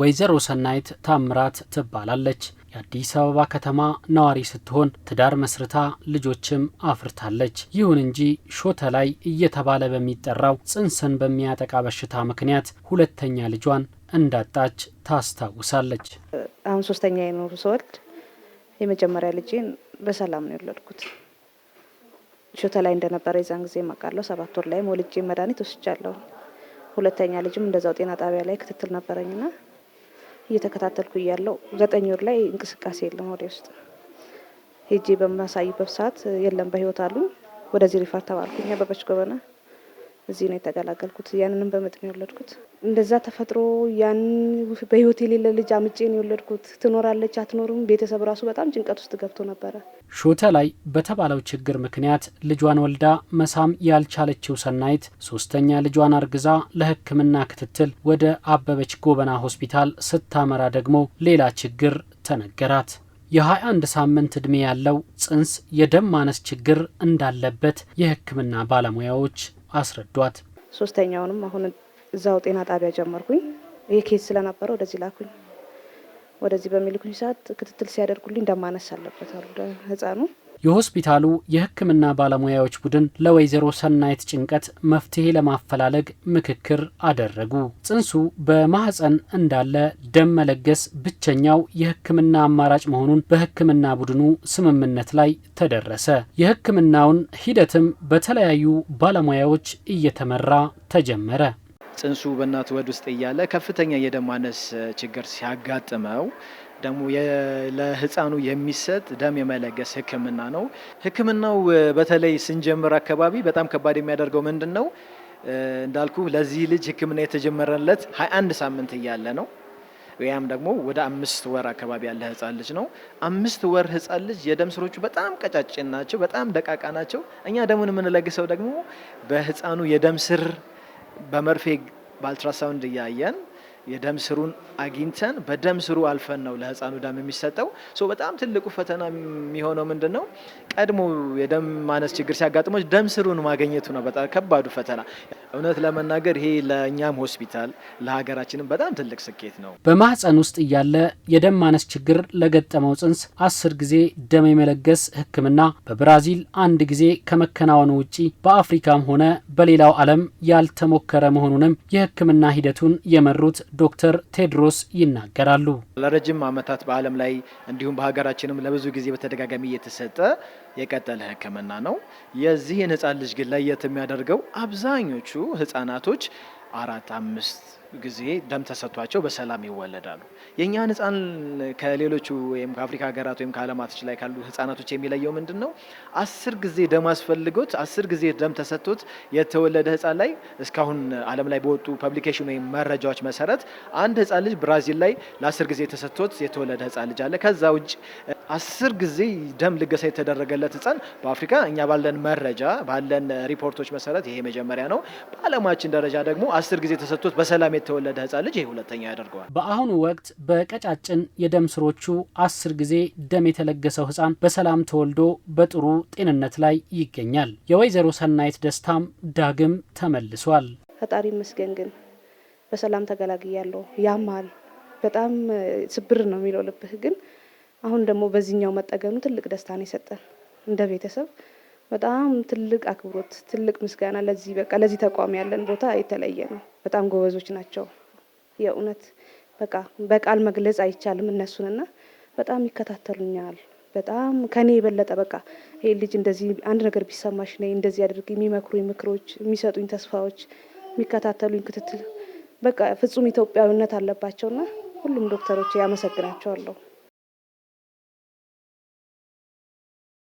ወይዘሮ ሰናይት ታምራት ትባላለች። የአዲስ አበባ ከተማ ነዋሪ ስትሆን ትዳር መስርታ ልጆችም አፍርታለች። ይሁን እንጂ ሾተ ላይ እየተባለ በሚጠራው ጽንስን በሚያጠቃ በሽታ ምክንያት ሁለተኛ ልጇን እንዳጣች ታስታውሳለች። አሁን ሶስተኛ የኖሩ ሰወልድ የመጀመሪያ ልጄን በሰላም ነው የወለድኩት። ሾተ ላይ እንደነበረ የዛን ጊዜ ማቃለሁ። ሰባት ወር ላይ ወልጄ መድኃኒት ወስጃለሁ። ሁለተኛ ልጅም እንደዛው ጤና ጣቢያ ላይ ክትትል ነበረኝና እየተከታተልኩ እያለው ዘጠኝ ወር ላይ እንቅስቃሴ የለም። ወደ ውስጥ ሄጄ በማሳይበት ሰዓት የለም በህይወት አሉ። ወደዚህ ሪፈር ተባልኩኝ አበበች ጎበና እዚህ ነው የተገላገልኩት። ያንንም በምጥ ነው የወለድኩት። እንደዛ ተፈጥሮ ያን በህይወት የሌለ ልጅ አምጬ ነው የወለድኩት። ትኖራለች አትኖርም፣ ቤተሰብ ራሱ በጣም ጭንቀት ውስጥ ገብቶ ነበረ። ሾተ ላይ በተባለው ችግር ምክንያት ልጇን ወልዳ መሳም ያልቻለችው ሰናይት ሶስተኛ ልጇን አርግዛ ለሕክምና ክትትል ወደ አበበች ጎበና ሆስፒታል ስታመራ ደግሞ ሌላ ችግር ተነገራት። የ21 ሳምንት ዕድሜ ያለው ጽንስ የደም ማነስ ችግር እንዳለበት የሕክምና ባለሙያዎች አስረዷት። ሶስተኛውንም አሁን እዛው ጤና ጣቢያ ጀመርኩኝ። ይህ ኬዝ ስለነበረ ወደዚህ ላኩኝ። ወደዚህ በሚልኩኝ ሰዓት ክትትል ሲያደርጉልኝ ደም ማነስ አለበት አሉ ህፃኑ የሆስፒታሉ የሕክምና ባለሙያዎች ቡድን ለወይዘሮ ሰናይት ጭንቀት መፍትሄ ለማፈላለግ ምክክር አደረጉ። ጽንሱ በማህፀን እንዳለ ደም መለገስ ብቸኛው የሕክምና አማራጭ መሆኑን በሕክምና ቡድኑ ስምምነት ላይ ተደረሰ። የሕክምናውን ሂደትም በተለያዩ ባለሙያዎች እየተመራ ተጀመረ። ጽንሱ በእናቱ ወድ ውስጥ እያለ ከፍተኛ የደም ማነስ ችግር ሲያጋጥመው ደግሞ ለህፃኑ የሚሰጥ ደም የመለገስ ህክምና ነው። ህክምናው በተለይ ስንጀምር አካባቢ በጣም ከባድ የሚያደርገው ምንድን ነው? እንዳልኩ ለዚህ ልጅ ህክምና የተጀመረለት 21 ሳምንት እያለ ነው። ያም ደግሞ ወደ አምስት ወር አካባቢ ያለ ህፃን ልጅ ነው። አምስት ወር ህፃን ልጅ የደም ስሮቹ በጣም ቀጫጭን ናቸው፣ በጣም ደቃቃ ናቸው። እኛ ደሙን የምንለግሰው ደግሞ በህፃኑ የደም ስር በመርፌ በአልትራሳውንድ እያየን የደም ስሩን አግኝተን በደም ስሩ አልፈን ነው ለህፃኑ ደም የሚሰጠው። በጣም ትልቁ ፈተና የሚሆነው ምንድን ነው? ቀድሞ የደም ማነስ ችግር ሲያጋጥሞች ደም ስሩን ማግኘቱ ነው በጣም ከባዱ ፈተና። እውነት ለመናገር ይሄ ለእኛም ሆስፒታል ለሀገራችንም በጣም ትልቅ ስኬት ነው። በማህፀን ውስጥ እያለ የደም ማነስ ችግር ለገጠመው ጽንስ አስር ጊዜ ደም የመለገስ ህክምና በብራዚል አንድ ጊዜ ከመከናወኑ ውጪ በአፍሪካም ሆነ በሌላው ዓለም ያልተሞከረ መሆኑንም የህክምና ሂደቱን የመሩት ዶክተር ቴድሮስ ይናገራሉ። ለረጅም ዓመታት በዓለም ላይ እንዲሁም በሀገራችንም ለብዙ ጊዜ በተደጋጋሚ እየተሰጠ የቀጠለ ሕክምና ነው። የዚህን ህጻን ልጅ ግን ለየት የሚያደርገው አብዛኞቹ ህጻናቶች አራት አምስት ጊዜ ደም ተሰጥቷቸው በሰላም ይወለዳሉ። የእኛን ህፃን ከሌሎቹ ወይም ከአፍሪካ ሀገራት ወይም ከአለማቶች ላይ ካሉ ህፃናቶች የሚለየው ምንድን ነው? አስር ጊዜ ደም አስፈልጎት አስር ጊዜ ደም ተሰጥቶት የተወለደ ህፃን ላይ እስካሁን አለም ላይ በወጡ ፐብሊኬሽን ወይም መረጃዎች መሰረት አንድ ህፃን ልጅ ብራዚል ላይ ለአስር ጊዜ ተሰጥቶት የተወለደ ህፃን ልጅ አለ። ከዛ ውጭ አስር ጊዜ ደም ልገሳ የተደረገለት ህፃን በአፍሪካ እኛ ባለን መረጃ ባለን ሪፖርቶች መሰረት ይሄ መጀመሪያ ነው። በአለማችን ደረጃ ደግሞ አስር ጊዜ ተሰጥቶት በሰላም የተወለደ ህጻን ልጅ ይህ ሁለተኛ ያደርገዋል። በአሁኑ ወቅት በቀጫጭን የደም ስሮቹ አስር ጊዜ ደም የተለገሰው ህጻን በሰላም ተወልዶ በጥሩ ጤንነት ላይ ይገኛል። የወይዘሮ ሰናይት ደስታም ዳግም ተመልሷል። ፈጣሪ ይመስገን ግን በሰላም ተገላግያለሁ። ያማል፣ በጣም ስብር ነው የሚለው ልብህ ግን አሁን ደግሞ በዚህኛው መጠገኑ ትልቅ ደስታን የሰጠን እንደ ቤተሰብ በጣም ትልቅ አክብሮት፣ ትልቅ ምስጋና ለዚህ በቃ ለዚህ ተቋም ያለን ቦታ የተለየ ነው። በጣም ጎበዞች ናቸው። የእውነት በቃ በቃል መግለጽ አይቻልም እነሱንና በጣም ይከታተሉኛል። በጣም ከኔ የበለጠ በቃ ይሄ ልጅ እንደዚህ አንድ ነገር ቢሰማሽ ነይ እንደዚህ አድርግ የሚመክሩኝ ምክሮች፣ የሚሰጡኝ ተስፋዎች፣ የሚከታተሉኝ ክትትል በቃ ፍጹም ኢትዮጵያዊነት አለባቸውና ሁሉም ዶክተሮች ያመሰግናቸዋለሁ።